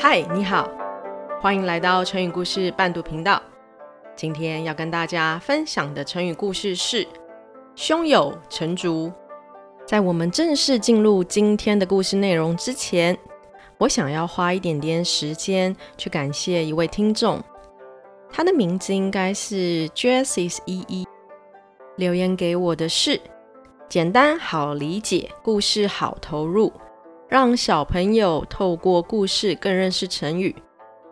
嗨，你好，歡迎來到成語故事伴讀頻道。今天要跟大家分享的成語故事是“胸有成竹”。在我們正式進入今天的故事內容之前，我想要花一點點時間去感謝一位聽眾，他的名字應該是 Jesse 依依，留言給我的是“簡單好理解，故事好投入”。讓小朋友透過故事更認識成語。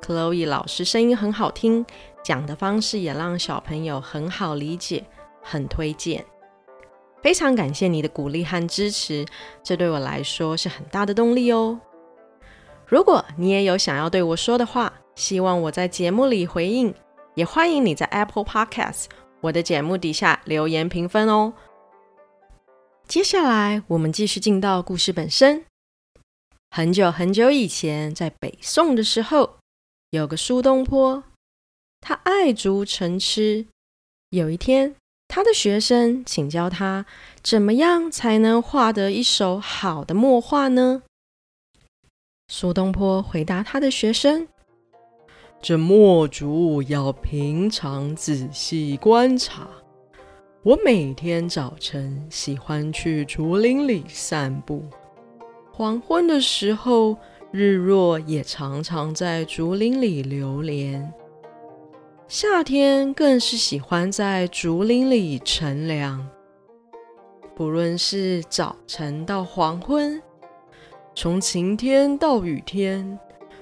Chloe 老師聲音很好聽，講的方式也讓小朋友很好理解，很推薦。非常感謝你的鼓勵和支持，這對我來說是很大的動力哦。如果你也有想要對我說的話，希望我在節目裡回應，也歡迎你在 Apple Podcast 我的節目底下留言評分哦。接下來我們繼續進到故事本身。很久很久以前，在北宋的時候，有個蘇東坡，他愛竹成痴。有一天，他的學生請教他，怎麼樣才能畫得一手好的墨畫呢？蘇東坡回答他的學生：“這墨竹要平常仔細觀察。我每天早晨喜歡去竹林裡散步。”黃昏的時候，日落也常常在竹林裡流連；夏天更是喜歡在竹林裡乘涼。不論是早晨到黃昏，從晴天到雨天，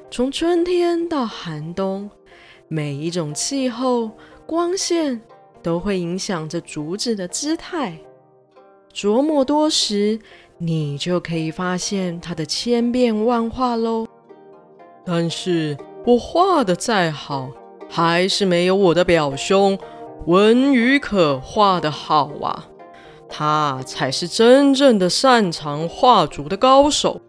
從春天到寒冬，每一種氣候、光線都會影響着竹子的姿態。琢磨多時。你就可以發現它的千變萬化嘍。但是，我畫的再好，還是沒有我的表兄文與可畫的好啊！他才是真正的擅長畫竹的高手。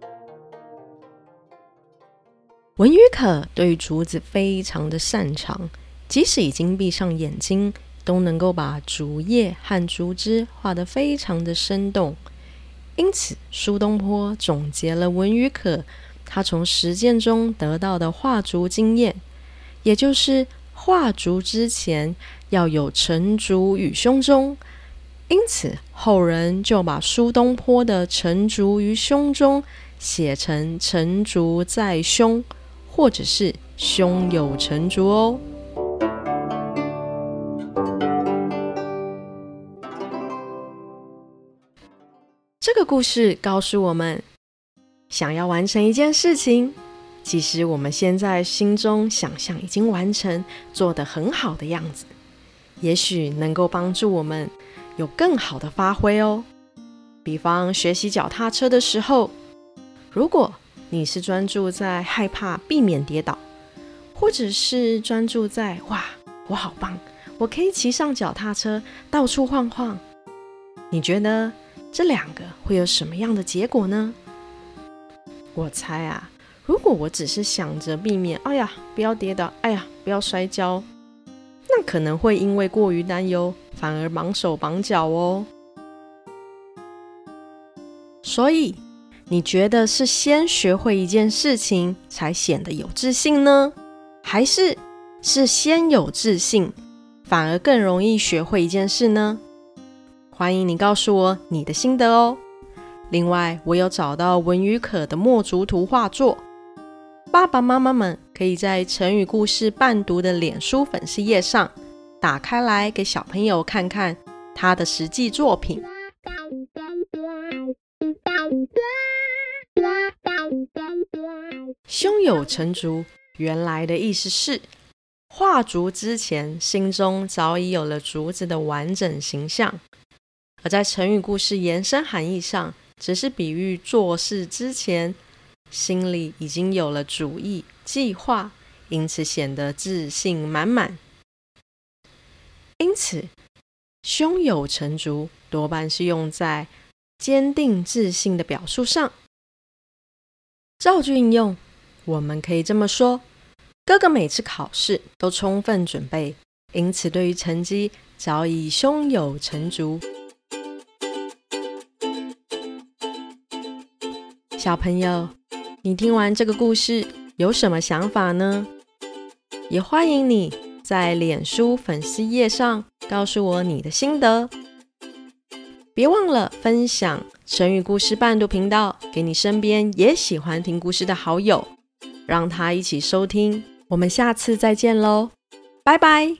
文與可對竹子非常的擅長，即使已經閉上眼睛，都能夠把竹葉和竹枝畫得非常的生動。因此，蘇東坡總結了文與可他從實踐中得到的畫竹經驗，也就是畫竹之前要有成竹於胸中。因此，後人就把蘇東坡的“成竹於胸中”寫成“成竹在胸”，或者是“胸有成竹”哦。故事告訴我們，想要完成一件事情，其實我們先在心中想象已經完成、做得很好的樣子，也許能夠幫助我們有更好的發揮哦。比方學習腳踏車的時候，如果你是專注在害怕避免跌倒，或者是專注在“哇，我好棒，我可以騎上腳踏車到處晃晃”，你覺得？這兩個會有什麼樣的結果呢？我猜啊，如果我只是想着避免，哎呀不要跌倒，哎呀不要摔跤，那可能會因為過於擔憂，反而綁手綁腳哦。所以，你覺得是先學會一件事情才顯得有自信呢，還是是先有自信，反而更容易學會一件事呢？歡迎你告訴我你的心得哦。另外，我有找到文與可的墨竹圖畫作，爸爸媽媽們可以在成語故事伴讀的臉書粉絲頁上打開來給小朋友看看他的實際作品。胸有成竹，原來的意思是畫竹之前，心中早已有了竹子的完整形象。而在成語故事延伸含義上，只是比喻做事之前心裡已經有了主意、計劃，因此顯得自信滿滿。因此，胸有成竹多半是用在堅定自信的表述上。造句應用，我們可以這麼說：哥哥每次考試都充分準備，因此對於成績早已胸有成竹。小朋友，你聽完這個故事有什麼想法呢？也歡迎你在臉書粉絲頁上告訴我你的心得。別忘了分享成語故事伴讀頻道給你身邊也喜歡聽故事的好友，讓他一起收聽。我們下次再見嘍，拜拜。